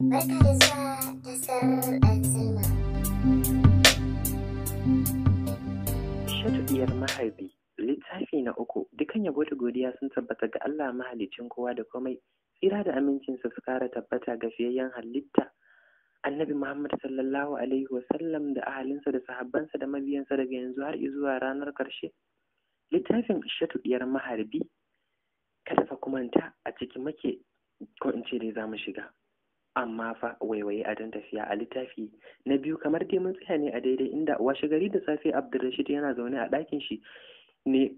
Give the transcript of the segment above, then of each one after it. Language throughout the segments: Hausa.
Barka da Shatuɗiyar maharbi littafi na uku dukan yabo da godiya sun tabbata ga Allah mahalicin kowa da komai tsira da amincin su kara tabbata ga fiyayyen halitta annabi Muhammad sallallahu alaihi da ahalinsa da sahabbansa da mabiyansa daga yanzu har zuwa ranar karshe littafin shatuɗiyar maharbi kada fa kumanta a ciki make ko in ce dai za mu shiga amma fa waiwaye a don tafiya a littafi na biyu kamar dai mun tsaya ne a daidai inda washe gari da safe abdulrashid yana zaune a ɗakin shi ne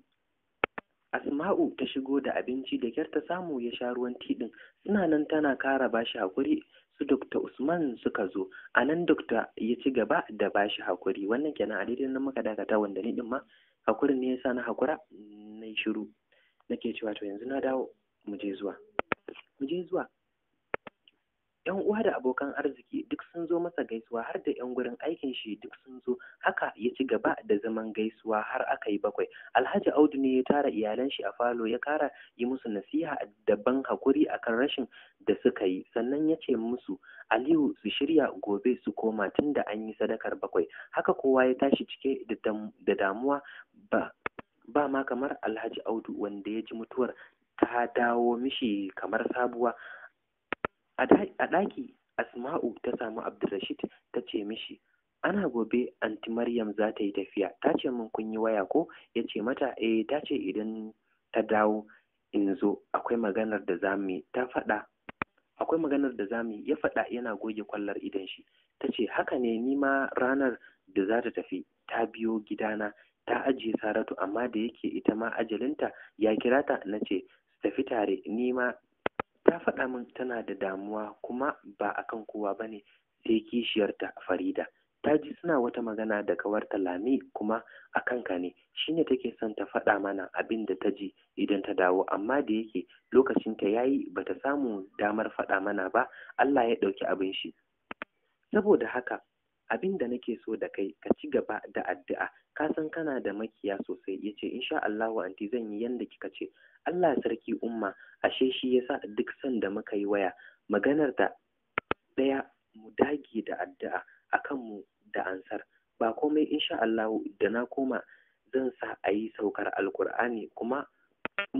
asma'u ta shigo da abinci da kyar ta samu ya sha ruwan tiɗin suna nan tana kara bashi hakuri su dokta Usman suka zo a nan dokta ya ci gaba da bashi hakuri wannan kenan a daidai nan muka dakata wanda ni ɗin ma hakurin ne ya sa na hakura na shiru nake cewa to yanzu na dawo mu je zuwa mu je zuwa 'yan uwa da abokan arziki duk sun zo masa gaisuwa har da 'yan gurin aikin shi duk sun zo haka ya ci gaba da zaman gaisuwa har aka yi bakwai alhaji audu ne ya tara iyalan shi a falo ya kara yi musu nasiha da ban hakuri akan rashin da suka yi sannan ya ce musu aliyu su shirya gobe su koma tun da an yi sadakar bakwai haka kowa ya tashi cike da damuwa ba ba ma kamar alhaji audu wanda ya ji mutuwar ta dawo mishi kamar sabuwa a ɗaki asma'u ta samu abdulrashid ta ce mishi ana gobe anti maryam za ta yi tafiya ta ce min kun yi waya ko ya ce mata eh ta ce idan ta dawo in zo akwai maganar da za mu ta faɗa akwai maganar da za mu ya faɗa yana goge kwallar idan shi ta ce haka ne ni ma ranar da za ta tafi ta biyo gidana ta ajiye saratu amma da yake ita ma ajalinta ya kira ta na ce tafi tare ni ma ta faɗa min tana da damuwa kuma ba akan kowa ba ne sai kishiyarta farida ta ji suna wata magana da kawarta lami kuma a kanka ne shine take son ta faɗa mana abin da ta ji idan ta dawo amma da yake lokacinta ya yi ba ta samu damar faɗa mana ba allah ya ɗauki abin shi saboda haka abin da nake so da kai ka ci gaba da addu'a ka san kana da makiya sosai ya ce insha Allahu anti zan yi yanda kika ce Allah sarki umma ashe shi yasa duk sanda muka yi waya maganar da daya mu dage da addu'a akan mu da ansar ba komai insha Allahu da na koma zan sa ayi saukar alkur'ani kuma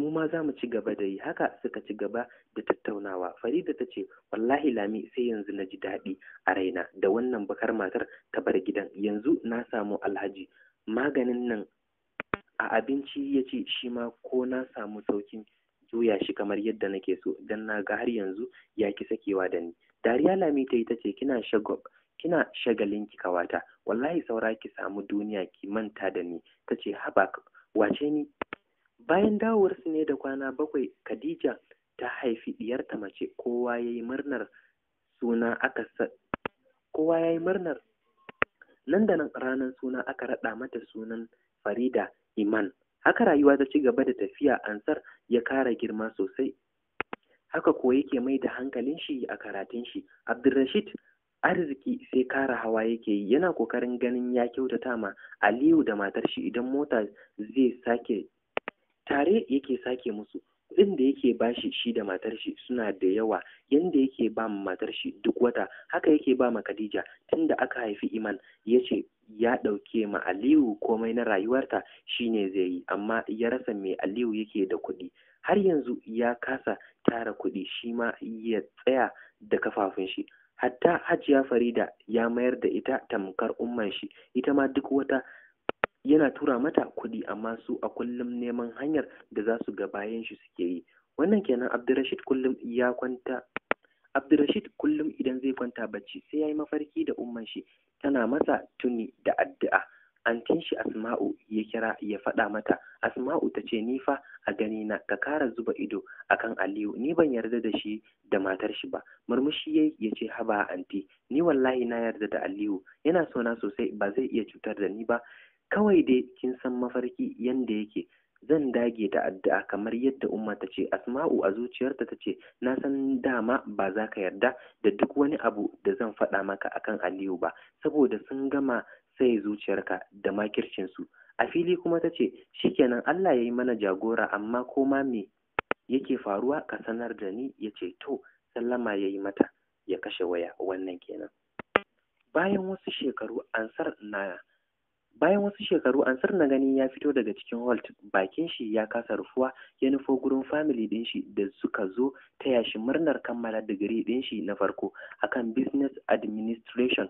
mu ma za mu ci gaba da yi haka suka ci gaba da tattaunawa farida ta ce wallahi lami sai yanzu na ji daɗi a raina da wannan bakar matar ta bar gidan yanzu na samu alhaji maganin nan a abinci ya ce shi ma ko na samu saukin juya shi kamar yadda nake so don na ga har yanzu ya ki sakewa da ni dariya lami ta yi ta ce kina kina shagalin ki kawata wallahi saura ki samu duniya ki manta da ni ta ce haba wace ni bayan dawowarsu ne da kwana bakwai khadija ta haifi ɗiyarta mace kowa ya yi murnar suna aka kowa ya yi murnar nan da nan ranar suna aka raɗa mata sunan farida iman haka rayuwa ta ci gaba da tafiya ansar ya kara girma sosai haka ko yake mai da hankalin shi a karatun shi abdulrashid arziki sai kara hawa yake yi yana ƙoƙarin ganin ya kyautata ma aliyu da matar shi idan mota zai sake tare yake sake musu kuɗin da yake bashi shi da matar shi suna da yawa yanda yake ba ma matar shi duk wata haka yake ba ma Khadija tunda aka haifi Iman ya ce ya ɗauke ma Aliyu komai na rayuwarta shine zai yi amma ya rasa me Aliyu yake da kuɗi har yanzu ya kasa tara kuɗi shi ma ya tsaya da kafafun shi hatta Hajiya Farida ya mayar da ita tamkar umman shi ita ma duk wata yana tura mata kuɗi amma su a kullum neman hanyar da za su ga bayan shi suke yi wannan kenan abdurashid kullum ya kwanta abdurashid kullum idan zai kwanta bacci sai ya yi mafarki da umman shi tana masa tuni da addu'a antin shi asma'u ya kira ya faɗa mata asma'u ta ce ni fa a gani na ka kara zuba ido akan aliyu ni ban yarda da shi da matar shi ba murmushi yayi ya ce haba anti ni wallahi na yarda da aliyu yana sona sosai ba zai iya cutar da ni ba kawai dai kin san mafarki yanda yake zan dage da addu'a kamar yadda umma ta ce asma'u a zuciyarta ta ce na san dama ba za ka yarda da duk wani abu da zan faɗa maka akan aliyu ba saboda sun gama sai zuciyarka da ma su. a fili kuma ta ce shikenan allah ya yi mana jagora amma ko ma me yake faruwa ka sanar da ni ya ce to sallama ya yi mata ya kashe waya wannan kenan bayan wasu shekaru ansar na bayan wasu shekaru ansar na gani ya fito daga cikin holt bakin shi ya kasa rufuwa ya nufo gurin family din shi da suka zo ta yashi murnar kammala digiri din shi na farko akan business administration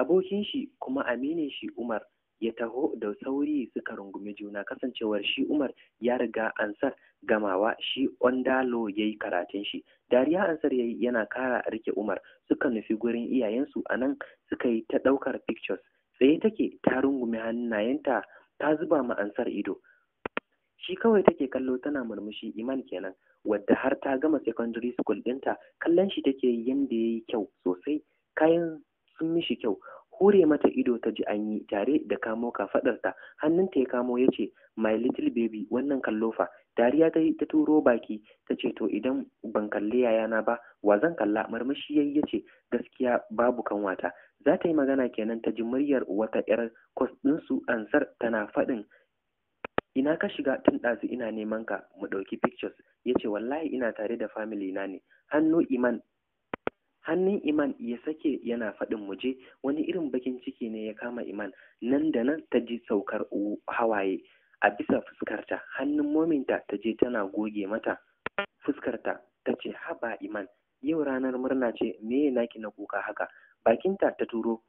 abokin shi kuma amine shi umar ya taho da sauri suka rungumi juna kasancewar shi umar ya riga ansar gamawa shi ondalo ya yi karatun shi dariya ansar yayi yana kara rike umar suka nufi gurin iyayensu a nan suka yi ta ɗaukar pictures tsaye take ta rungume hannayenta ta zuba ma ansar ido shi kawai take kallo tana murmushi iman kenan wadda har ta gama secondary school ɗinta kallon shi take yanda yayi kyau sosai kayan sun mishi kyau hure mata ido ta ji an yi tare da kamo kafaɗarta hannunta ya kamo ya ce my little baby wannan kallo fa dariya ta ta turo baki ta ce to idan ban kalli yayana ba wa zan kalla murmushi yayi ya ce gaskiya babu kanwata za ta yi magana kenan ta ji muryar wata 'yar kwas ɗinsu ansar tana faɗin ina ka shiga tun ɗazu ina neman ka mu ɗauki pictures ya ce wallahi ina tare da family na ne hannu iman hannun iman ya sake yana faɗin muje wani irin bakin ciki ne ya kama iman nan da nan ta ji saukar hawaye a bisa fuskarta hannun mominta ta je tana goge mata fuskarta ta ce haba iman yau ranar murna ce me naki na kuka haka bakinta ta turo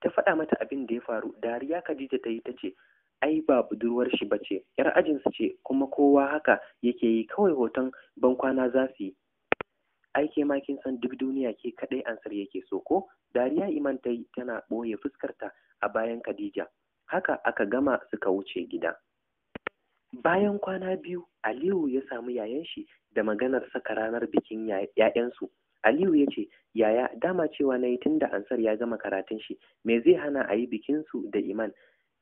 ta faɗa mata abin da ya faru dariya khadija ta yi ta ce ai ba budurwar shi ba ce yar ajinsu ce kuma kowa haka yake yi kawai hoton bankwana za su yi ai ke makin san duk duniya ke kaɗai ansar yake so ko dariya iman ta yi tana ɓoye fuskarta a bayan khadija haka aka gama suka wuce gida bayan kwana biyu aliyu ya samu yayan shi da maganar saka ranar bikin 'ya'yansu Aliyu ya ce, Yaya, dama cewa na yi tun da Ansar ya gama karatun shi, me zai hana a yi bikinsu da Iman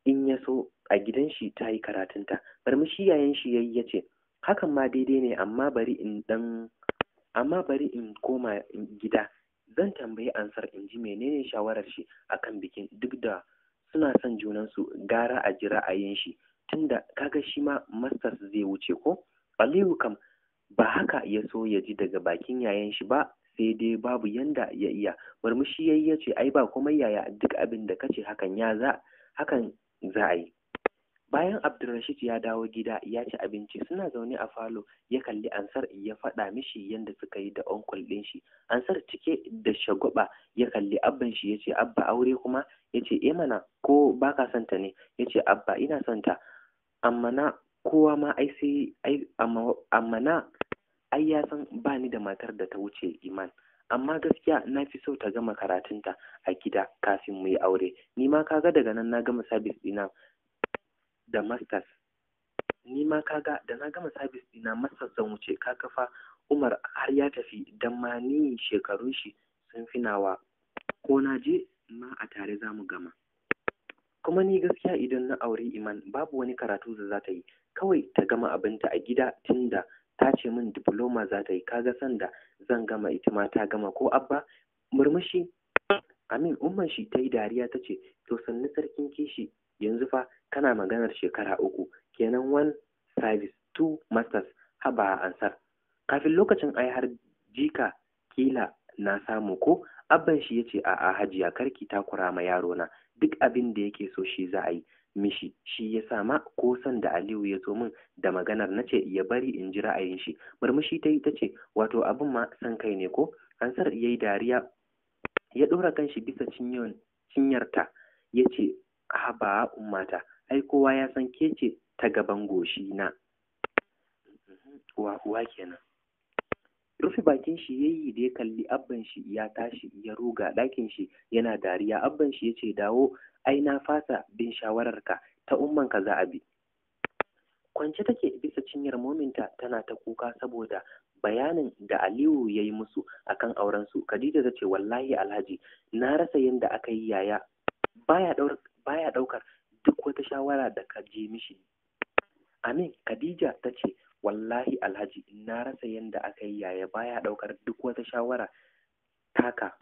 in ya so a gidan shi ta yi karatunta. Barmishi yayan shi yi ya ce, Hakan ma daidai ne amma bari in bari in koma gida zan tambayi ansar in ji menene shawarar shi akan bikin duk da suna son junansu gara a ji ra'ayin shi tunda kaga shi ma mastas zai wuce ko aliyu kam ba haka ya so ya ji daga bakin yayan shi ba sai dai babu yanda ya iya murmushi yayi ya ce ai ba komai yaya duk abin da kace hakan ya za hakan za a yi bayan abdulrashid ya dawo gida ya ci abinci suna zaune a falo ya kalli ansar ya faɗa mishi yanda suka yi da onkul ɗin shi ansar cike da shagwaba ya kalli abban shi ya ce abba aure kuma ya ce eh mana ko baka son ta ne ya ce abba ina son ta amma na kowa ma ai sai amma na ai ya san ba ni da matar da ta wuce iman amma gaskiya na fi so ta gama karatunta a gida kafin mu yi aure ni ma kaga daga nan na gama sabis ɗina da masters ni ma kaga da na gama sabis dina masters zan wuce ka kafa umar har ya tafi dan ma ni shekarun shi sun fi nawa ko na je ma a tare za mu gama kuma ni gaskiya idan na aure iman babu wani karatu da za ta yi kawai ta gama abinta a gida tunda ta ce min diploma za ta yi kaga sanda zan gama ita ma ta gama ko abba murmushi amin umar shi ta yi dariya ta ce to sannu sarkin kishi yanzu fa kana maganar shekara uku kenan one service two masters haba ansar kafin lokacin ai har jika kila na samu ko abban shi ya yace a'a hajiya karki takura ma yaro na duk abin da yake so shi za a yi mishi shi ya sa ma ko san da Aliyu ya zo min da maganar na ce ya bari in ji ra'ayin shi murmushi ta yi ta ce wato abin ma san kai ne ko ansar ya yi dariya ya ɗora shi bisa cinyarta ya ce haba ummata ai kowa ya san ke ce ta gaban goshi na wa uwa kenan rufe bakin shi ya yi da ya kalli abban shi ya tashi ya ruga ɗakin shi yana dariya abban shi ya ce dawo ai na fasa bin shawararka ta umman ka za a bi kwance take bisa cinyar mominta tana ta kuka saboda bayanin da Aliyu ya yi musu akan auren su Khadija ta ce wallahi Alhaji na rasa yadda aka yi yaya baya daukar duk wata shawara da ka je mishi Amin Khadija ta ce wallahi alhaji na rasa yanda aka yi yaya baya ɗaukar duk wata shawara taka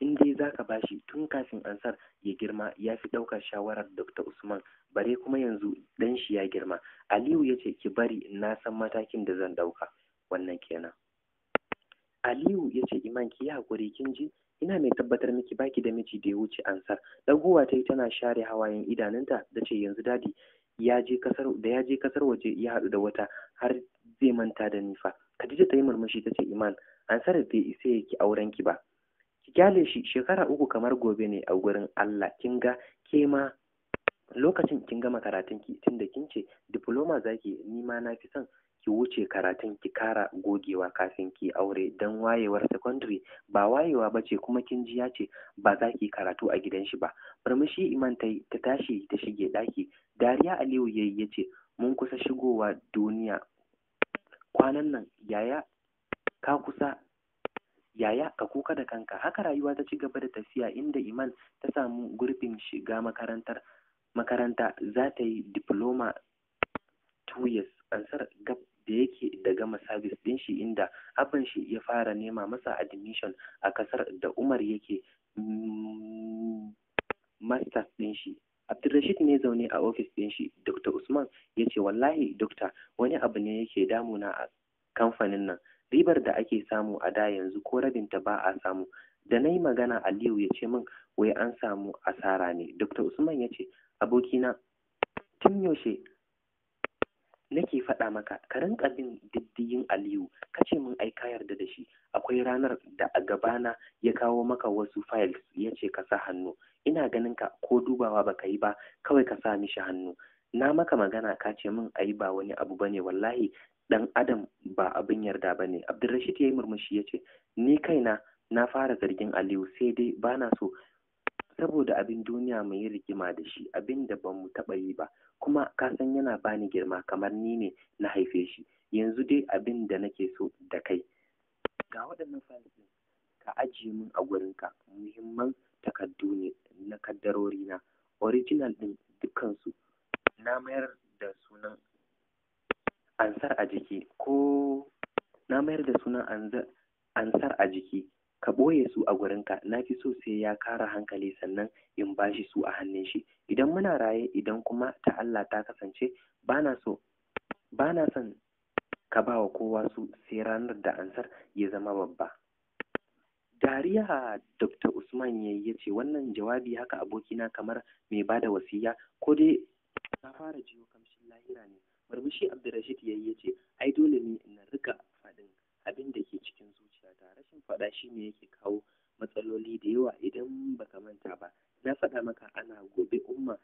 in dai za ka bashi tun kafin ansar ya girma ya fi ɗaukar shawarar dr usman bare kuma yanzu dan shi ya girma aliyu ya ce ki bari na san matakin da zan ɗauka wannan kenan aliyu ya ce iman ki yi haƙuri kin ji ina mai tabbatar miki baki da miji da ya wuce ansar ɗaguwa ta yi tana share hawayen idanunta da ce yanzu dadi ya je kasar da ya je kasar waje ya haɗu da wata har zai manta da ni fa Khadija ta yi murmushi ta ce Iman an sarar bai isa yake auren ki ba ki kyale shi shekara uku kamar gobe ne a gurin Allah kin ga ke ma lokacin kin gama karatun ki tunda kin ce diploma zaki ni ma na fi son ki wuce karatun ki kara gogewa kafin ki aure don wayewar secondary ba wayewa ba ce kuma kin ji ya ce ba za ki karatu a gidan shi ba murmushi iman ta ta tashi ta shige daki dariya aliyu ya ce mun kusa shigowa duniya kwanan nan yaya ka kusa yaya ka kuka da kanka haka rayuwa ta ci gaba da tafiya inda iman ta samu gurbin shiga makarantar makaranta za ta yi diploma two years ansar gab da yake da gama sabis din shi inda abin shi ya fara nema masa admission a kasar da umar yake mm, masters din shi Abdulrashid ne zaune a ofis ɗin shi, Dr. Usman ya ce wallahi dokta wani abu ne yake damuna a kamfanin nan. Ribar da ake samu a da yanzu ko rabinta ba a samu. Da na yi magana Aliyu ya ce min wai an samu asara ne. Dr. Usman ya ce, abokina tun yaushe nake faɗa maka ka rinka bin diddigin aliyu ka ce min ai ka yarda da shi akwai ranar da a gabana ya kawo maka wasu files ya ce ka sa hannu ina ganin ka ko dubawa baka yi ba kawai ka sa mishi hannu na maka magana ka ce min ai ba wani abu bane wallahi dan adam ba abin yarda bane abdulrashid ya yi murmushi ya ce ni kaina na fara zargin aliyu sai dai bana so saboda abin duniya mu yi rigima da shi abin da ba mu taɓa yi ba kuma ka san yana bani girma kamar ni ne na haife shi yanzu dai abin da nake so da kai ga waɗannan files ɗin ka ajiye min a gurin ka. muhimman takardu ne na kaddarori na original ɗin su na mayar da sunan ansar a jiki ko na mayar da sunan ansar a jiki ka ɓoye su a gurinka na fi so sai ya kara hankali sannan in ba shi su a hannun shi idan muna raye idan kuma ta Allah ta kasance bana so bana son ka ba wa kowa su sai ranar da ansar ya zama babba dariya dr usman ya yi ce wannan jawabi haka abokina kamar mai ba da wasiya ko dai na fara jiyo kamshin lahira ne murmushi abdurrashid ya yi ce ai dole ne na rika faɗin abin da ke cikin zuciyata rashin faɗa shine ne yake kawo matsaloli da yawa idan baka manta ba na faɗa maka ana gobe umma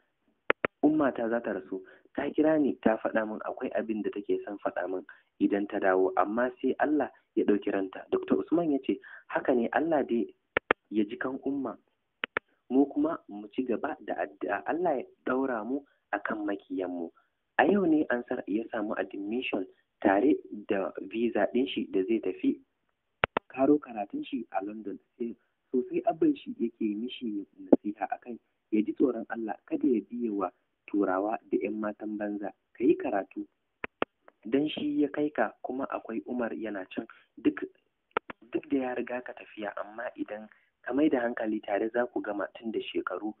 umma ta za ta rasu ta kira ni ta faɗa min akwai abin da take son faɗa min idan ta dawo amma sai Allah ya ɗauki ranta Dr. Usman ya ce haka ne Allah dai ya ji kan umma mu kuma mu ci gaba da addu'a Allah ya ɗaura mu akan mu. a yau ne ansar ya samu admission tare da visa ɗin shi da zai tafi karo karatun shi a London sai sosai abin shi yake mishi nasiha akan ya ji tsoron Allah kada ya biye wa turawa da 'yan matan banza ka yi karatu dan shi ya kai ka kuma akwai Umar yana can duk duk da ya riga ka tafiya amma idan ka mai da hankali tare za ku gama tun da shekaru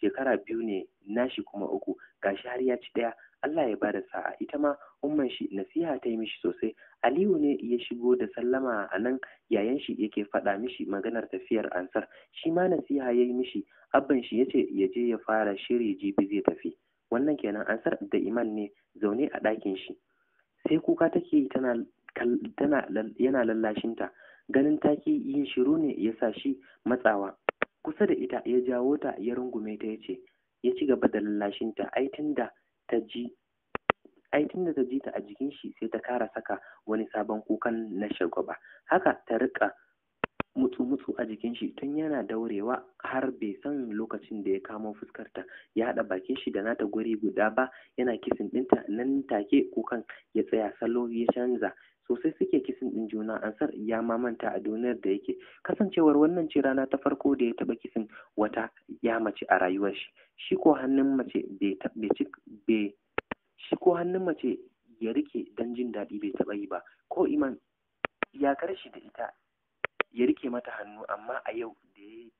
shekara biyu ne nashi kuma uku gashi har ya ci ɗaya Allah ya bada sa'a ita ma umman shi nasiha ta yi mishi sosai Aliyu ne ya shigo da sallama a nan yayan shi yake faɗa mishi maganar tafiyar ansar shi ma nasiha ya yi mishi abban shi ya ce ya je ya fara shiri jibi zai tafi wannan kenan ansar da iman ne zaune a ɗakin shi sai kuka take tana tana yana lallashinta ganin taki yin shiru ne ya sa shi matsawa kusa da ita ya jawo ta ya rungume ta ya ce ya ci gaba da lallashin ta ai tun da ta ji ai tunda ta ji ta a jikin shi sai ta kara saka wani sabon kukan na shagwaba haka ta rika mutsu-mutsu a jikin shi tun yana daurewa har bai san lokacin da ya kamo fuskarta ya haɗa bakin shi da nata guri guda ba yana kisin ɗinta nan take kukan ya tsaya salo ya canza sosai suke kisin ɗin juna ansar ya mamanta a duniyar da yake kasancewar wannan ce rana ta farko da ya taɓa kisin wata ya mace a rayuwar shi shi ko hannun mace bai ya rike dan jin daɗi bai taɓa yi ba ko iman ya karshe da ita ya rike mata hannu amma a yau da ya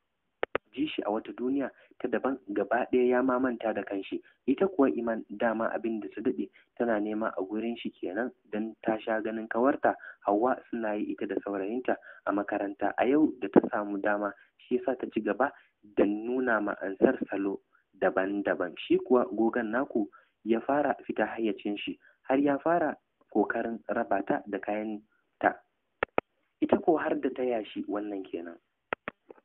ji shi a wata duniya ta daban gaba ɗaya ya mamanta da kanshi ita kuwa iman dama abin da ta daɗe tana nema a gurin shi kenan don ta sha ganin kawarta hawa suna yi ita da saurayinta a makaranta a yau da ta samu dama shi yasa ta ci gaba da nuna ma'ansar salo daban-daban shi kuwa gogan naku ya fara fita hayyacin shi har ya fara kokarin rabata da kayan ta ita ko har da ta yashi wannan kenan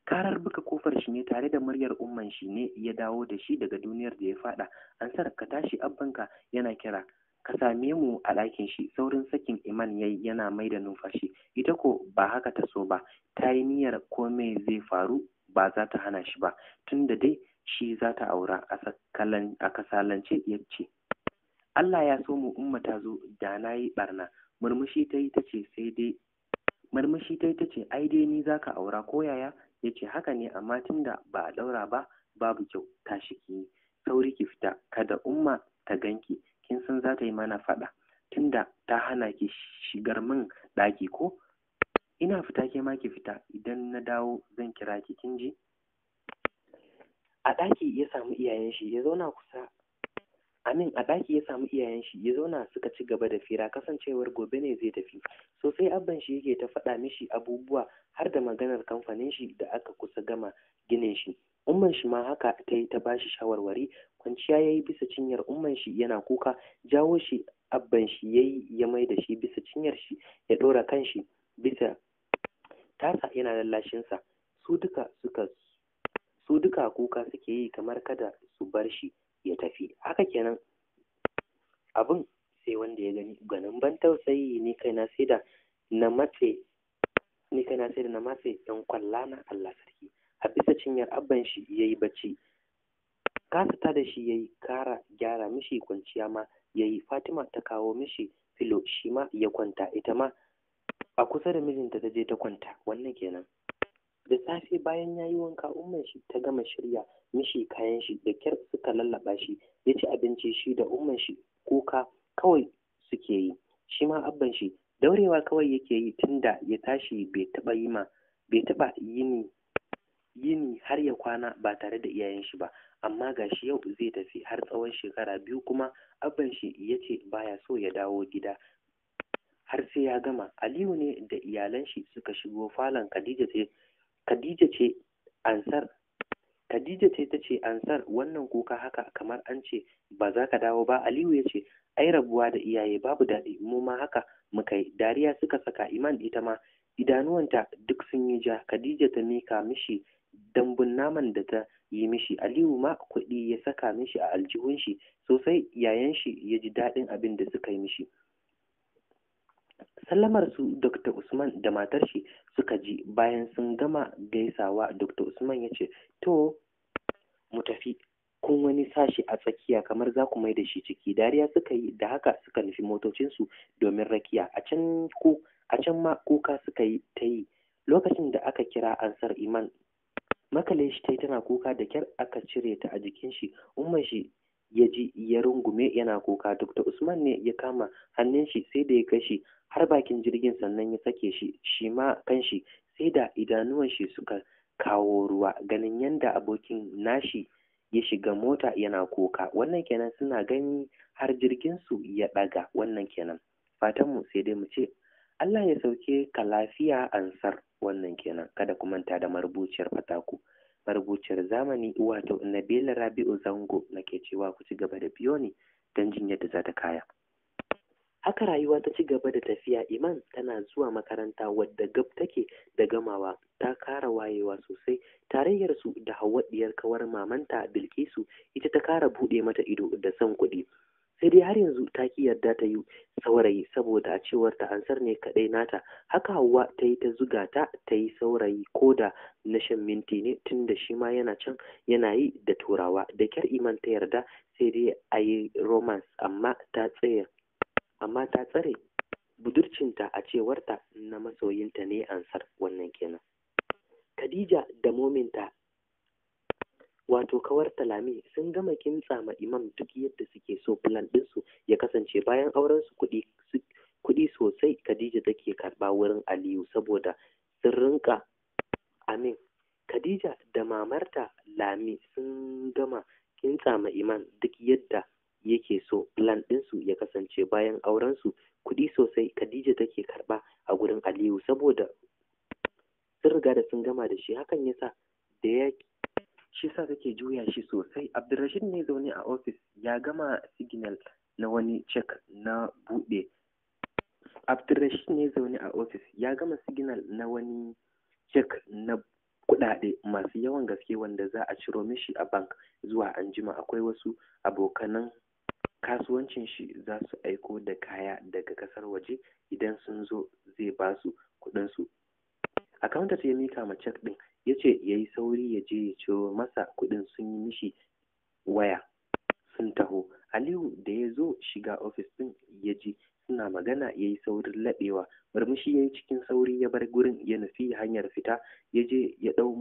karar buga kofar shi ne tare da muryar umman shi ne ya dawo da shi daga duniyar da ya fada An ka tashi abbanka yana kira ka same mu a ɗakin shi saurin sakin iman yayi yana mai da numfashi ita ko ba haka ta so ba ta yi niyyar komai zai faru ba za ta hana shi ba tunda dai shi za ta aura a kasalance ya Allah ya so mu umma ta zo da na yi barna murmushi ta yi ta ce sai dai murmushi ta yi ta ce ai dai ni za ka aura ko yaya ya ce haka ne amma tunda ba a ɗaura ba babu kyau tashi ki yi sauri ki fita kada umma ta ganki kin san za ta yi mana faɗa tunda ta hana ki shigar min ɗaki ko ina fita ke ma ki fita idan na dawo zan kira ki kin ji a ɗaki ya samu iyayen shi ya zauna kusa Amin a ɗaki ya samu iyayen shi ya zauna suka ci gaba da fira kasancewar gobe ne zai tafi sosai abban shi yake ta faɗa mishi abubuwa har da maganar kamfanin shi da aka kusa gama ginin shi umman shi ma haka ta yi ta bashi shawarwari kwanciya ya yi bisa cinyar umman shi yana kuka jawo shi abban shi ya yi ya mai da shi bisa cinyar shi ya ɗora kan shi bisa tasa yana lallashinsa su duka suka su duka kuka suke yi kamar kada su bar shi ya tafi haka kenan abin sai wanda ya gani ganin ban tausayi ni kaina sai da na matse ni kaina sai na matse kwalla na Allah sarki a bisa cinyar abban shi yayi bacci kasa ta da shi yayi kara gyara mishi kwanciya ma yayi Fatima ta kawo mishi filo shi ma ya kwanta ita ma a kusa da mijinta ta je ta kwanta wannan kenan da safe bayan yayi wanka umman shi ta gama shirya mishi kayan shi da kyar suka lallaɓa shi ya ci abinci shi da umman shi kuka kawai suke yi shi ma abban shi daurewa kawai yake yi tun da ya tashi bai taba yi ma bai taba yini yini har ya kwana ba tare da iyayen shi ba amma ga shi yau zai tafi har tsawon shekara biyu kuma abban shi ya ce baya so ya dawo gida har sai ya gama aliyu ne da iyalan shi suka shigo falon khadija ce khadija ce ansar Khadija ce ta ce ansar wannan kuka haka kamar an ce ba za ka dawo ba Aliyu ya ce ai rabuwa da iyaye babu daɗi mu ma haka muka yi dariya suka saka iman ita ma idanuwanta duk sun yi ja Khadija ta mika mishi dambun naman da ta yi mishi Aliyu ma kuɗi ya saka mishi a aljihun shi sosai yayan shi ya ji daɗin abin da suka yi mishi sallamar su dr usman da matar shi suka ji bayan sun gama gaisawa dr usman ya ce to mu tafi kun wani sashi a tsakiya kamar za ku mai da shi ciki dariya suka yi da haka suka nufi motocinsu domin rakiya a can ko a can ma kuka suka yi ta yi lokacin da aka kira ansar iman makale shi ta yi tana kuka da kyar aka cire ta a jikin shi umman shi ya ji ya rungume yana kuka duk usman ne ya kama hannun shi sai da ya kai har bakin jirgin sannan ya sake shi shi ma kanshi sai da idanuwan shi suka kawo ruwa ganin yanda abokin nashi ya shiga mota yana kuka wannan kenan suna gani har jirgin su ya daga wannan kenan fatan mu sai dai mu ce Allah ya sauke ka lafiya ansar wannan kenan kada ku manta da marubuciyar fataku marubuciyar zamani wato Nabila Rabi'u Zango nake cewa ku ci gaba da biyo ni don jin yadda za ta kaya. Haka rayuwa ta ci gaba da tafiya Iman tana zuwa makaranta wadda gab take da gamawa ta kara wayewa sosai tarayyar su da hawaɗiyar kawar mamanta Bilkisu ita ta kara buɗe mata ido da son kuɗi sai dai har yanzu ta ki yarda ta yi saurayi saboda a cewar ta ansar ne kaɗai nata haka hawa ta yi ta zuga ta ta yi saurayi ko da na shan minti ne tun da shi ma yana can yana yi da turawa da kyar iman ta yarda sai dai a yi romance amma ta tsaye amma ta tsare budurcinta a cewarta na masoyinta ne ansar wannan kenan Khadija da mominta wato kawar talami sun gama kintsa ma imam duk yadda suke so plan ɗinsu ya kasance bayan auren su kuɗi kuɗi sosai Khadija take karɓa wurin Aliyu saboda sun rinka amin Khadija da mamarta Lami sun gama kintsa ma Iman duk yadda yake so plan ɗinsu ya kasance bayan aurensu kuɗi sosai Khadija take karɓa a gurin Aliyu saboda sun riga da sun gama da shi hakan yasa da ya shi sa take juya shi sosai abdulrashid ne zaune a ofis ya gama signal na wani cek na buɗe abdulrashid ne zaune a ofis ya gama signal na wani cek na kuɗaɗe masu yawan gaske wanda za a ciro mishi a bank zuwa anjima akwai wasu abokanan kasuwancin shi za su aiko da kaya daga kasar waje idan sun zo zai ba su kuɗinsu akaunta ta ya mika ma cek ɗin ya ce ya yi sauri ya je ya ciro masa kuɗin sun yi mishi waya sun taho aliyu da ya zo shiga ofis ɗin ya ji suna magana ya yi saurin laɓewa murmushi ya yi cikin sauri ya bar gurin ya nufi hanyar fita ya je ya ɗau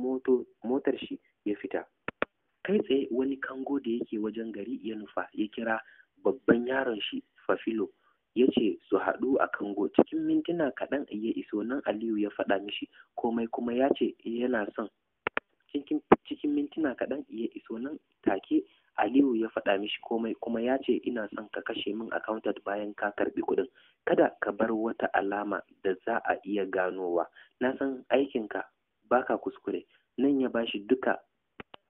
motar shi ya fita kai tsaye wani kango da yake wajen gari ya nufa ya kira babban yaron shi fafilo ya ce su haɗu a kango cikin mintuna kaɗan ya iso nan aliyu ya faɗa mishi komai kuma ya ce yana son cikin mintuna kaɗan ya iso nan take aliyu ya faɗa mishi komai kuma ya ce ina son ka kashe min accountant bayan ka karɓi kuɗin kada ka bar wata alama da za a iya ganowa na san aikinka baka kuskure nan ya bashi duka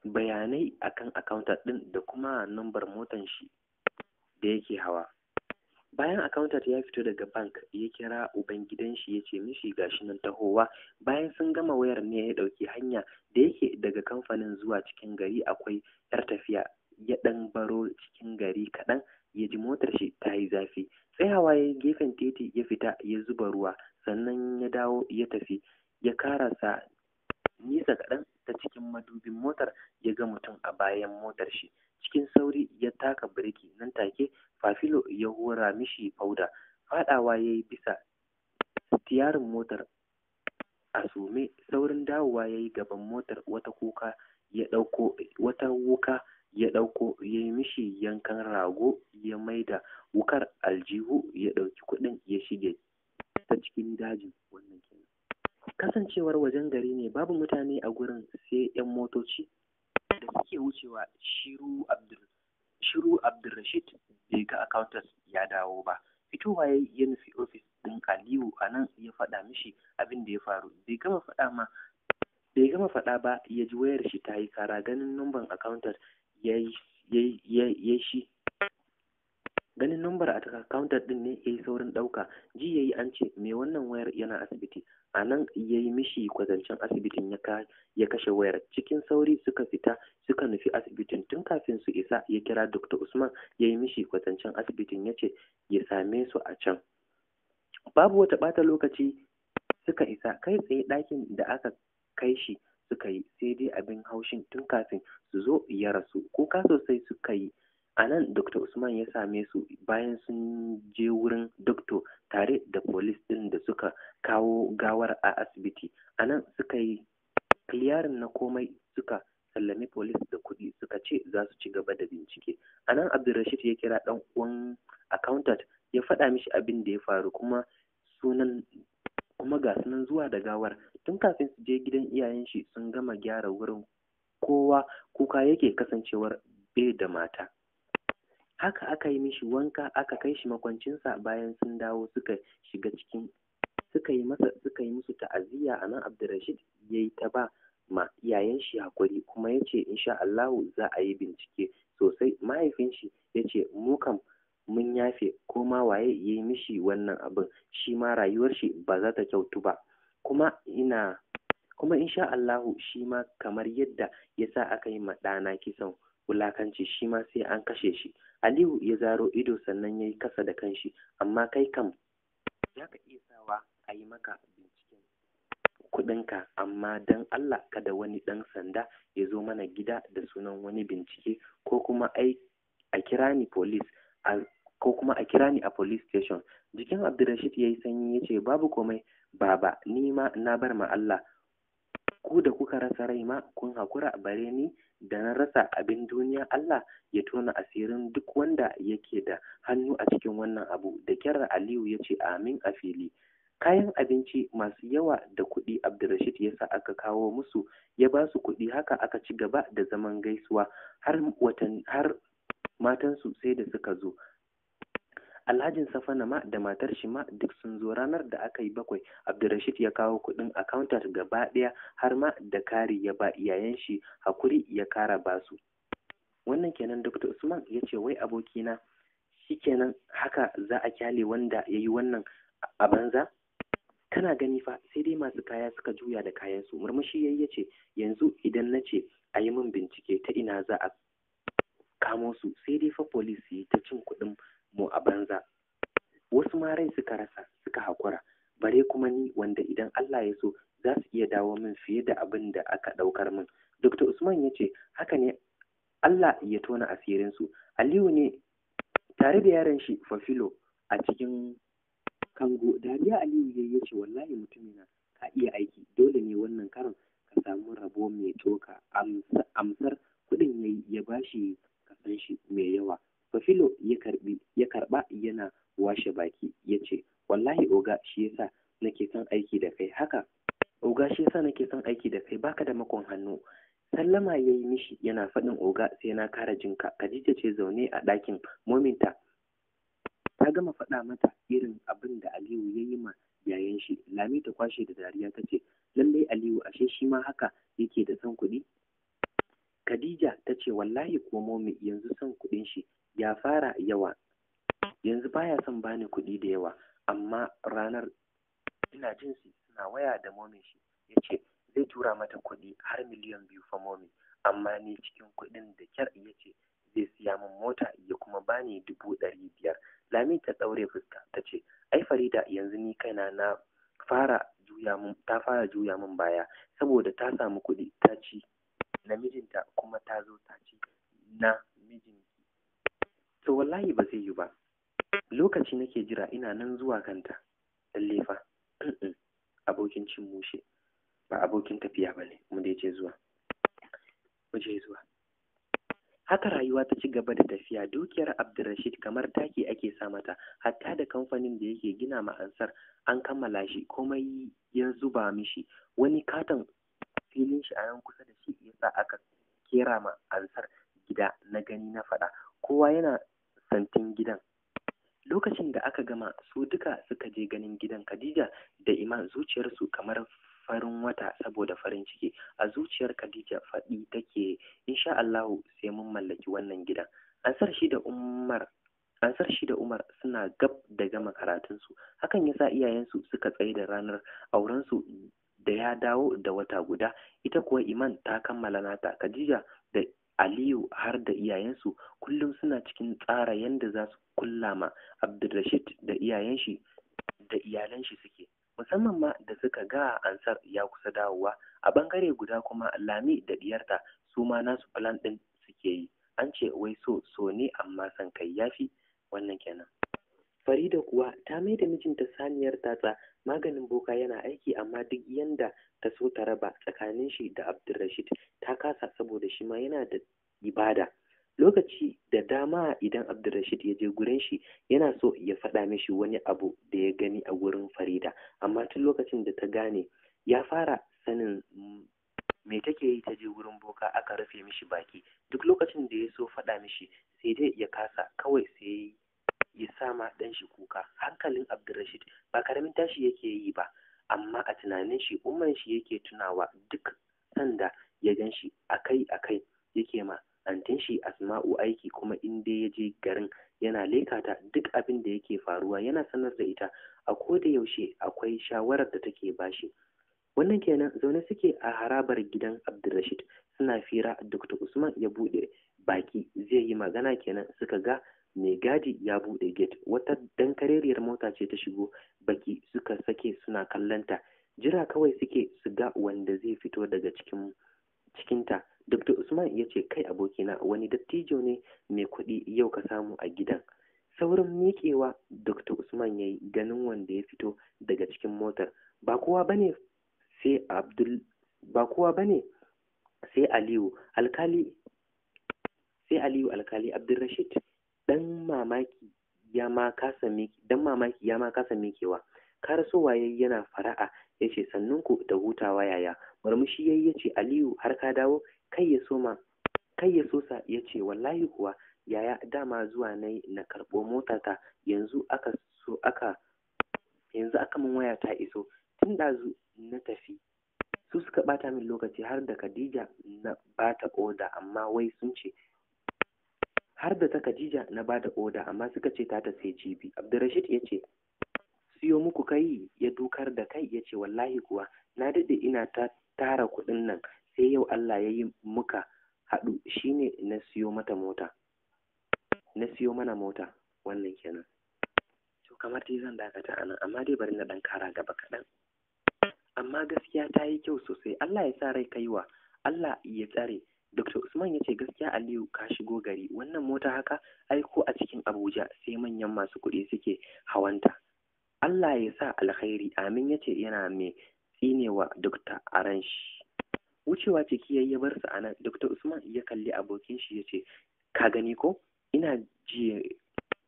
bayanai akan accountant ɗin da kuma nambar motan shi da yake hawa bayan accountant ya fito daga bank ya kira uban gidan shi ya ce mishi gashi nan tahowa bayan sun gama wayar ne ya ɗauki hanya da yake daga kamfanin zuwa cikin gari akwai yar tafiya ya ɗan baro cikin gari kaɗan ya ji motar shi ta yi zafi tsayawa ya gefen titi ya fita ya zuba ruwa sannan ya dawo ya tafi ya karasa nisa kaɗan ta cikin madubin motar ya ga mutum a bayan motar shi cikin sauri ya taka birki nan take fafilo ya hura mishi fauda faɗawa ya yi bisa tiyarin motar a sume saurin dawowa ya yi gaban motar wata kuka ya ɗauko wata wuka ya ɗauko ya yi mishi yankan rago ya maida wukar aljihu ya ɗauki kuɗin ya shige ta cikin dajin wannan kasancewar wajen gari ne babu mutane a gurin sai 'yan motoci da suke wucewa Shiru Abdul Shiru Abdulrashid bai ga accountant ya dawo ba. Fitowa ya ya nufi ofis ɗin Aliyu a nan ya faɗa mishi abin da ya faru. Bai gama faɗa ma bai gama faɗa ba ya ji wayar shi ta yi kara ganin numban accountant ya yi shi ganin numbar a counter din ne yayi saurin ɗauka. ji yayi an ce me wannan wayar yana asibiti a nan yayi mishi kwazancen asibitin ya kashe wayar cikin sauri suka fita suka nufi asibitin tun kafin su isa ya kira Dr. Usman yayi mishi kwazancen asibitin ya ce ya same su a can babu wata bata lokaci suka isa kai tsaye ɗakin da aka kai shi suka yi sai dai abin haushin tun kafin su zo ya rasu kuka sosai suka yi a nan dr usman ya same su bayan sun je wurin doktor tare da polis ɗin da suka kawo gawar a asibiti a nan suka yi kiliyarin na komai suka sallami polis da kuɗi suka ce za su ci gaba da bincike a nan abdulrashid ya kira ɗan uwan accountant ya faɗa mishi abin da ya faru kuma sunan kuma ga sunan zuwa da gawar tun kafin su je gidan iyayen shi sun gama gyara wurin kowa kuka yake kasancewar bai da mata haka aka yi mishi wanka aka kai shi makwancinsa bayan sun dawo suka shiga cikin suka yi masa suka yi musu ta'aziyya a nan Abdulrashid ya yi ta ba ma iyayen shi hakuri kuma ya ce insha Allahu za a yi bincike sosai mahaifin shi ya ce mu kam mun yafe ko ma waye ya yi mishi wannan abin shi ma rayuwar shi ba za ta kyautu ba kuma ina kuma insha Allahu shi ma kamar yadda ya sa aka yi ma ɗana kisan wulakanci shi ma sai an kashe shi Aliyu ya zaro ido sannan ya yi kasa da kanshi, amma kai kam za ka iya sawa a yi maka binciken kuɗinka, amma don Allah kada wani ɗan sanda ya zo mana gida da sunan wani bincike ko kuma a kira ni police ko kuma a kira ni a police station. Jikin Abdulrashid ya yi sanyi ya ce babu komai baba ni ma na bar ma Allah ku da kuka rasa rai ma kun hakura bare ni da na rasa abin duniya Allah ya tona asirin duk wanda yake da hannu a cikin wannan abu da kyarra Aliyu ya ce amin a fili kayan abinci masu yawa da kuɗi Abdulrashid ya sa aka kawo musu ya ba su kuɗi haka aka ci gaba da zaman gaisuwa har watan har matansu sai da suka zo alhajin safana ma da matar shi ma duk sun zo ranar da aka yi bakwai abdurrashid ya kawo kuɗin akauntar gaba ɗaya har ma da kari ya ba iyayen shi hakuri ya kara basu wannan kenan dr usman ya ce wai abokina shi kenan haka za a kyale wanda ya yi wannan a banza kana gani fa sai dai masu kaya suka juya da kayansu murmushi yayi yace yanzu idan na ce a yi min bincike ta ina za a kamo su sai dai fa police ta cin kuɗin mu a banza wasu ma rai suka rasa suka haƙura bare kuma ni wanda idan Allah ya so za su iya dawo min fiye da abin da aka ɗaukar min Dr. Usman ya ce haka ne Allah ya tona asirinsu Aliyu ne tare da yaron shi Fafilo a cikin kango dariya Aliyu ya yace wallahi mutum yana ka iya aiki dole ne wannan karon ka samu rabo mai toka amsar kuɗin ya bashi kasan shi mai yawa fafilo ya karbi ya karba yana washe baki ya ce wallahi oga shi yasa nake son aiki da kai haka oga shi yasa nake son aiki da kai baka da makon hannu sallama ya yi mishi yana faɗin oga sai na kara jinka khadija ce zaune a ɗakin mominta ta gama faɗa mata irin abin da aliyu ya yi ma yayan shi lami ta kwashe da dariya ta ce lallai aliyu ashe shi ma haka yake da son kuɗi khadija ta ce wallahi ko momi yanzu son kuɗin shi ya fara yawa yanzu baya son bani kuɗi da yawa amma ranar ina jin suna waya da momin shi yace zai tura mata kuɗi har miliyan biyu fa momi amma ni cikin kuɗin da kyar yace zai siya min mota ya kuma bani dubu ɗari biyar lami ta ɗaure fuska ta ce ai farida yanzu ni kaina na fara juya min ta fara juya min baya saboda ta samu kuɗi ta ci na mijinta kuma ta zo ta ci na mijin to wallahi ba zai yi ba lokaci nake jira ina nan zuwa kanta lalle fa abokin cin mushe ba abokin tafiya ba ne mu je zuwa mu je zuwa haka rayuwa ta ci gaba da tafiya dukiyar abdulrashid kamar taki ake sa mata hatta da kamfanin da yake gina ma an kammala shi komai ya zuba mishi wani katon filin shi a nan kusa da shi yasa aka kera ma ansar gida na gani na faɗa kowa yana kantin gidan lokacin da aka gama su duka suka je ganin gidan Khadija da Iman zuciyarsu kamar farin wata saboda farin ciki a zuciyar Khadija faɗi take insha Allahu sai mun mallaki wannan gidan ansar shi da Umar ansar shi da Umar suna gab da gama karatunsu hakan yasa iyayensu suka tsaye da ranar aurensu da ya dawo da wata guda ita kuwa Iman ta kammala nata Khadija Aliyu har da iyayensu kullum suna cikin tsara yadda za su kulla ma Abdulrashid da iyayen shi da iyalan shi suke musamman ma da suka ga Ansar ya kusa dawowa a bangare guda kuma Lami da diyarta su ma nasu plan ɗin suke yi an ce wai so so ne amma san kai yafi wannan kenan Farida kuwa ta mai da mijinta saniyar tatsa maganin boka yana aiki amma duk yanda ta so ta raba tsakanin shi da abdulrashid ta kasa saboda shi ma yana da ibada lokaci da dama idan abdulrashid ya je gurin shi yana so ya faɗa mishi wani abu da ya gani a gurin farida amma tun lokacin da ta gane ya fara sanin me take yi ta je wurin boka aka rufe mishi baki duk lokacin da ya so faɗa mishi sai dai ya kasa kawai sai ya sama ɗan shi kuka hankalin abdulrashid ba karamin tashi yake yi ba amma a tunanin shi umman shi yake tunawa duk sanda ya gan shi akai akai yake ma antin shi asma'u aiki kuma in dai ya je garin yana lekata duk abin da yake faruwa yana sanar da ita a ko da yaushe akwai shawarar da take bashi wannan kenan zaune suke a harabar gidan abdulrashid suna fira dr usman ya buɗe baki zai yi magana kenan suka ga mai gadi ya buɗe gate wata dankareriyar mota ce ta shigo baki suka sake suna kallanta jira kawai suke su ga wanda zai fito daga cikin cikinta dr usman ya ce kai abokina wani dattijo ne mai kuɗi yau ka samu a gidan saurin miƙewa dr usman ya yi ganin wanda ya fito daga cikin motar ba kowa sai ba kowa sai aliyu alkali sai aliyu dan mamaki ya ma kasa miki dan mamaki ya ma kasa mikewa so yayi yana fara'a yace sannun ku da hutawa yaya murmushi yayi yace Aliyu har ka dawo kai ya soma kai ya sosa yace wallahi kuwa yaya dama zuwa nayi na karbo motata yanzu aka so aka yanzu aka min waya ta iso tun ɗazu na tafi su suka ɓata min lokaci har da Khadija na bata oda amma wai sun ce har da ta Khadija na ba da oda amma suka ce ta ta sai jibi Abdurrashid ya ce siyo muku kai ya dukar da kai ya ce wallahi kuwa na dade ina ta tara kuɗin nan sai yau Allah ya yi muka haɗu shine na siyo mata mota na siyo mana mota wannan kenan to kamar dai zan dakata a nan amma dai bari na ɗan kara gaba kaɗan amma gaskiya ta yi kyau sosai Allah ya sa rai kaiwa Allah ya tsare Dr. Usman ya ce gaskiya Aliyu ka shigo gari wannan mota haka aiko a cikin Abuja sai manyan masu kuɗi suke hawanta. Allah ya sa alkhairi amin ya ce yana mai tsinewa Dr. Aranshi. Wucewa ciki ya bar su a nan Dr. Usman ya kalli abokin shi ya ce ka gani ko ina jiya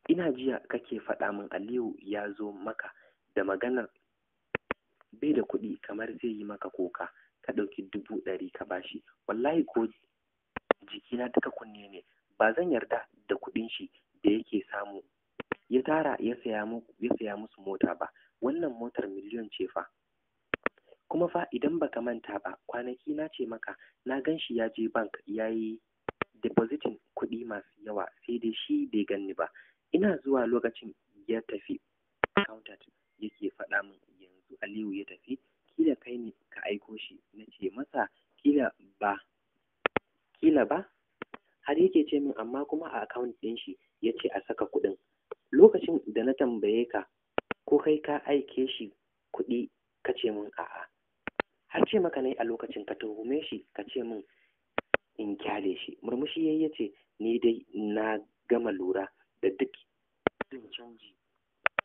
ina jiya kake faɗa min Aliyu ya zo maka da maganar bai da kuɗi kamar zai yi maka kuka ka ɗauki dubu ɗari ka bashi wallahi ko jikina duka kunne ne ba zan yarda da kuɗin shi da yake samu ya tara ya saya musu mota ba wannan motar miliyon ce fa kuma fa idan baka manta ba kwanaki na ce maka na gan shi ya je bank ya yi depositin kuɗi masu yawa sai dai shi bai ganni ba ina zuwa lokacin ya tafi accountant yake faɗa min yanzu aliyu ya tafi amma kuma a account ɗin shi ya ce a saka kuɗin lokacin da na tambaye ka ko kai ka aike shi kuɗi ka ce min a'a har ce maka yi a lokacin ka tuhume shi ka ce min in kyale shi murmushi yayi yace ni dai na gama lura da duk irin canji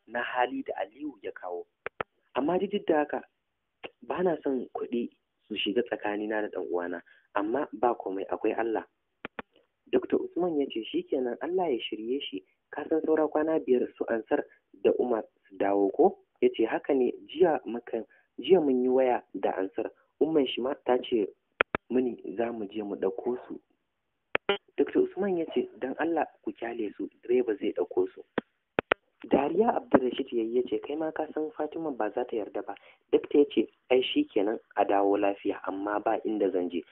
na hali da Aliyu ya kawo amma duk da haka ba na son kuɗi su shiga tsakanina da ɗan uwana amma ba komai akwai Allah ya shirye shi ka san saura kwana biyar su ansar da umar su dawo ko ya ce haka ne jiya muka jiya mun yi waya da ansar umar shi ma ta ce muni za mu je mu ɗauko su dr usman ya ce don allah ku kyale su direba zai ɗauko su dariya abdulrashid ya ya ce kai ma ka san fatima ba za ta yarda ba duk dakta ya ce ai shi kenan a dawo lafiya amma ba inda zan je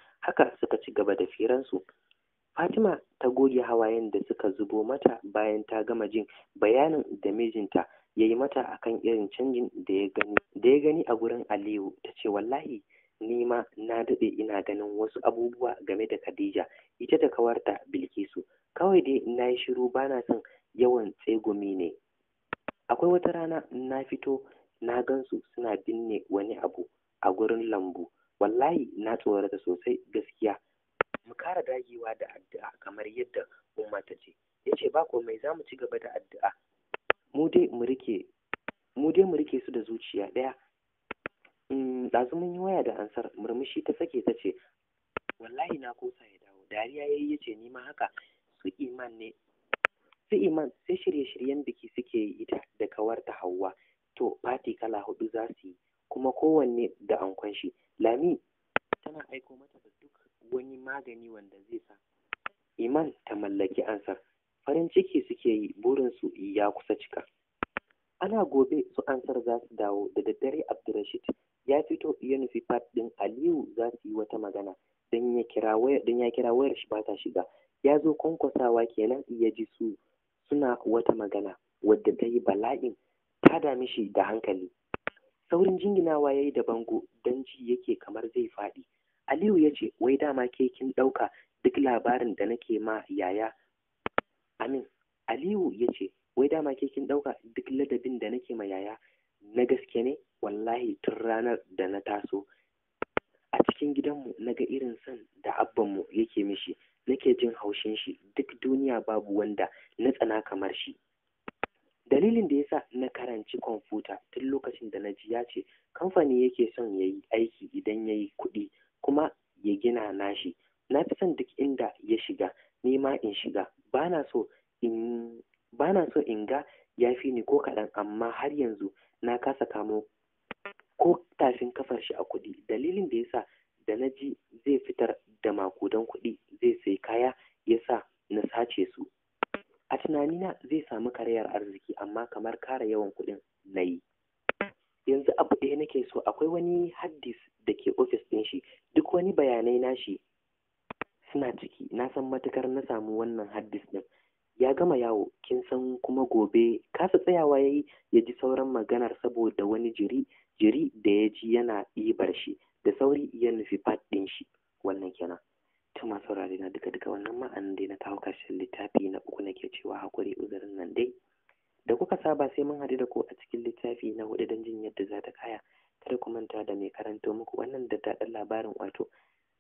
ta goge hawayen da suka zubo mata bayan ta gama jin bayanin da mijinta ya yi mata akan irin canjin da ya gani da ya gani a gurin Aliyu ta ce wallahi ni ma na daɗe ina ganin wasu abubuwa game da Khadija ita da kawarta Bilkisu kawai dai na yi shiru bana son yawan tsegumi ne akwai wata rana na fito na gansu suna binne wani abu a gurin lambu wallahi na tsorata sosai gaskiya mu kara dagewa da addu'a kamar yadda umma ta ce ya ce ba komai za mu ci gaba da addu'a mu dai mu rike mu dai mu rike su da zuciya ɗaya mm, ɗazu mun yi waya da ansar murmushi ta sake ta ce wallahi na kosa ya dawo dariya ya yi ya ce ni ma haka su iman ne su iman sai shirye-shiryen biki suke yi ita da kawar ta hawa to fati kala hudu za su yi kuma kowanne da ankon shi lami tana aiko mata da duk wani magani wanda zai sa iman ta mallaki ansar farin ciki suke yi burinsu ya kusa cika ana gobe su ansar za su dawo da daddare abdurrashid ya fito ya nufi fat din aliyu za su yi wata magana don ya kira wayar don ya kira wayar shi bata shiga ya zo kwankwasawa kenan ya ji su suna wata magana wadda ta yi bala'in ta dami shi da hankali saurin jinginawa ya yi da bango don ji yake kamar zai faɗi Aliyu ya ce, wai dama ke kin ɗauka duk labarin da nake ma yaya. Amin, Aliyu ya ce, wai dama ke kin ɗauka duk ladabin da nake ma yaya na gaske ne wallahi tun ranar da na taso. A cikin gidanmu na ga irin son da abbanmu yake mishi, nake jin haushin shi duk duniya babu wanda na tsana kamar shi. dalilin da ya sa na karanci kwamfuta tun lokacin da na ji ya ce kamfani yake son ya yi aiki idan ya yi kuɗi kuma ya gina nashi na fi son duk inda ya shiga ni ma in shiga bana so in bana so in ga ya fi ni ko kaɗan amma har yanzu na kasa kamo ko tafin kafar shi a kuɗi dalilin da yasa da na ji zai fitar da makudan kuɗi zai sai kaya yasa na sace su a tunanina zai samu karayar arziki amma kamar kara yawan kuɗin na yi yanzu abu ɗaya nake so akwai wani haddis wani bayanai na shi suna ciki na san matukar na samu wannan haddis din ya gama yawo kin san kuma gobe kasa tsayawa yayi ya ji sauran maganar saboda wani jiri jiri da ya ji yana ibar shi da sauri ya nufi fat din shi wannan kenan ta masu saurare na duka duka wannan ma'anin dai na kawo karshen littafi na uku nake cewa hakuri uzurin nan dai da kuka saba sai mun hadu da ku a cikin littafi na hudu don jin yadda za ta kaya kada ku manta da mai karanto muku wannan daɗaɗɗen labarin wato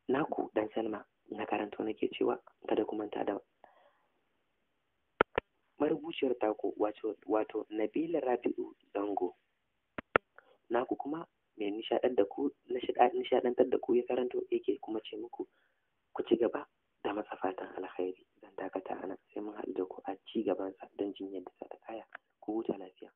naku dan salma na karanto nake cewa kada ku manta da marubuciyar taku wato wato nabila rabi'u zango naku kuma mai nishaɗantar da ku nishaɗantar da ku ya karanto yake kuma ce muku ku ci gaba da masa fatan alkhairi zan dakata anan sai mun haɗu da ku a ci sa don jin yadda za ta kaya ku huta lafiya